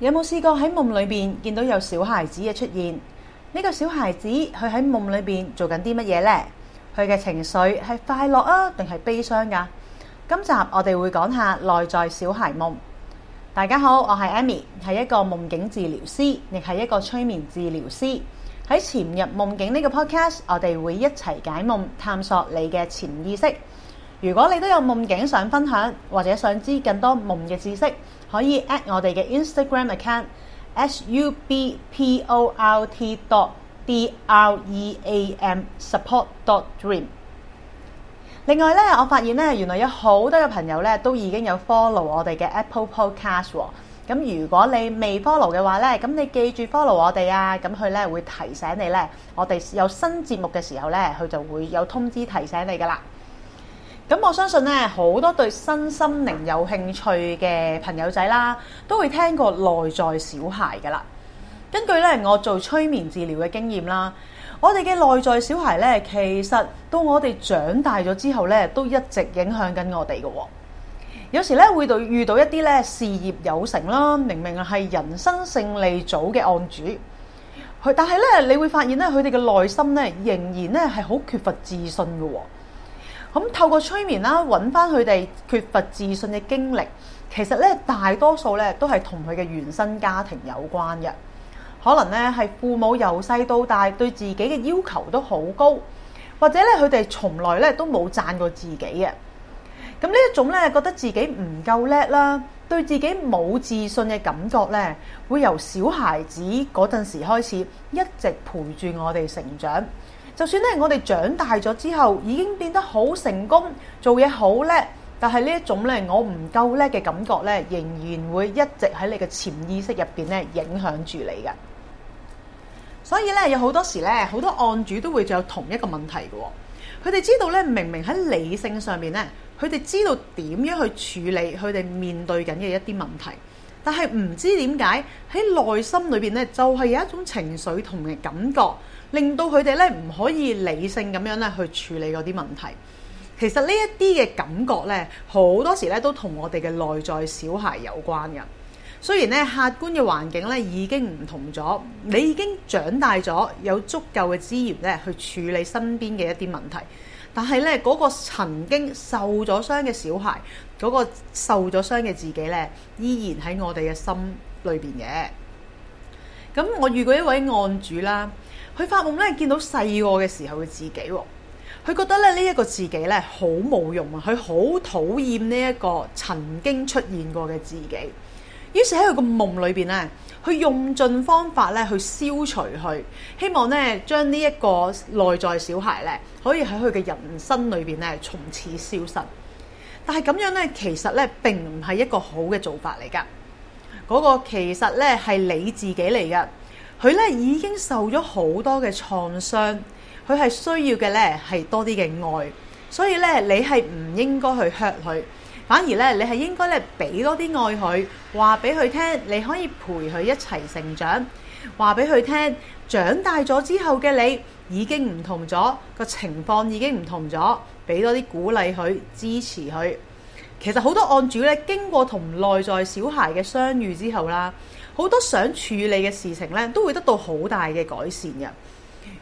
有冇試過喺夢裏邊見到有小孩子嘅出現？呢個小孩子佢喺夢裏邊做緊啲乜嘢呢？佢嘅情緒係快樂啊，定係悲傷噶？今集我哋會講下內在小孩夢。大家好，我係 Amy，係一個夢境治療師，亦係一個催眠治療師。喺潛入夢境呢個 podcast，我哋會一齊解夢，探索你嘅潛意識。如果你都有夢境想分享，或者想知更多夢嘅知識，可以 at 我哋嘅 Instagram account support dot dream。另外咧，我發現咧，原來有好多嘅朋友咧都已經有 follow 我哋嘅 Apple Podcast 咁。如果你未 follow 嘅話咧，咁你記住 follow 我哋啊，咁佢咧會提醒你咧，我哋有新節目嘅時候咧，佢就會有通知提醒你噶啦。咁我相信咧，好多對身心靈有興趣嘅朋友仔啦，都會聽過內在小孩噶啦。根據咧我做催眠治療嘅經驗啦，我哋嘅內在小孩咧，其實到我哋長大咗之後咧，都一直影響緊我哋㗎喎。有時咧會到遇到一啲咧事業有成啦，明明係人生勝利組嘅案主，佢但係咧你會發現咧，佢哋嘅內心咧仍然咧係好缺乏自信㗎喎。咁透過催眠啦，揾翻佢哋缺乏自信嘅經歷，其實咧大多數咧都係同佢嘅原生家庭有關嘅，可能咧係父母由細到大對自己嘅要求都好高，或者咧佢哋從來咧都冇讚過自己嘅。咁呢一種咧覺得自己唔夠叻啦，對自己冇自信嘅感覺咧，會由小孩子嗰陣時開始一直陪住我哋成長。就算咧，我哋長大咗之後，已經變得好成功，做嘢好叻，但係呢一種咧，我唔夠叻嘅感覺咧，仍然會一直喺你嘅潛意識入邊咧，影響住你嘅。所以咧，有好多時咧，好多案主都會有同一個問題嘅。佢哋知道咧，明明喺理性上面咧，佢哋知道點樣去處理佢哋面對緊嘅一啲問題。但係唔知點解喺內心裏邊咧，就係有一種情緒同嘅感覺，令到佢哋咧唔可以理性咁樣咧去處理嗰啲問題。其實呢一啲嘅感覺咧，好多時咧都同我哋嘅內在小孩有關嘅。雖然咧，客觀嘅環境咧已經唔同咗，你已經長大咗，有足夠嘅資源咧去處理身邊嘅一啲問題。但係咧，嗰個曾經受咗傷嘅小孩，嗰個受咗傷嘅自己咧，依然喺我哋嘅心裏邊嘅。咁我遇過一位案主啦，佢發夢咧見到細個嘅時候嘅自己，佢覺得咧呢一個自己咧好冇用啊，佢好討厭呢一個曾經出現過嘅自己，於是喺佢個夢裏邊咧。佢用盡方法咧，去消除佢，希望咧將呢一個內在小孩咧，可以喺佢嘅人生裏邊咧，從此消失。但係咁樣咧，其實咧並唔係一個好嘅做法嚟噶。嗰個其實咧係你自己嚟噶，佢咧已經受咗好多嘅創傷，佢係需要嘅咧係多啲嘅愛，所以咧你係唔應該去 hurt 佢。反而咧，你係應該咧俾多啲愛佢，話俾佢聽，你可以陪佢一齊成長，話俾佢聽，長大咗之後嘅你已經唔同咗，個情況已經唔同咗，俾多啲鼓勵佢，支持佢。其實好多案主咧，經過同內在小孩嘅相遇之後啦，好多想處理嘅事情咧，都會得到好大嘅改善嘅。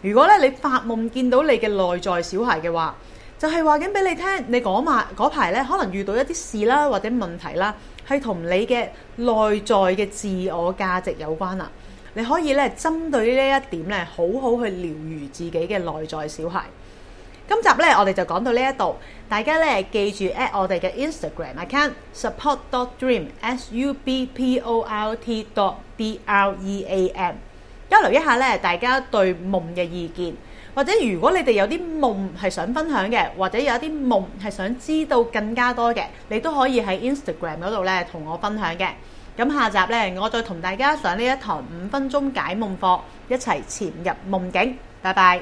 如果咧你發夢見到你嘅內在小孩嘅話，就係話緊俾你聽，你嗰晚嗰排咧，可能遇到一啲事啦，或者問題啦，係同你嘅內在嘅自我價值有關啦。你可以咧針對呢一點咧，好好去療愈自己嘅內在小孩。今集咧，我哋就講到呢一度，大家咧記住 at 我哋嘅 Instagram，account support dot dream，s u p p o r t dot d r e a m 交流一下咧，大家對夢嘅意見。或者如果你哋有啲夢係想分享嘅，或者有啲夢係想知道更加多嘅，你都可以喺 Instagram 嗰度咧同我分享嘅。咁下集呢，我再同大家上呢一堂五分鐘解夢課，一齊潛入夢境。拜拜。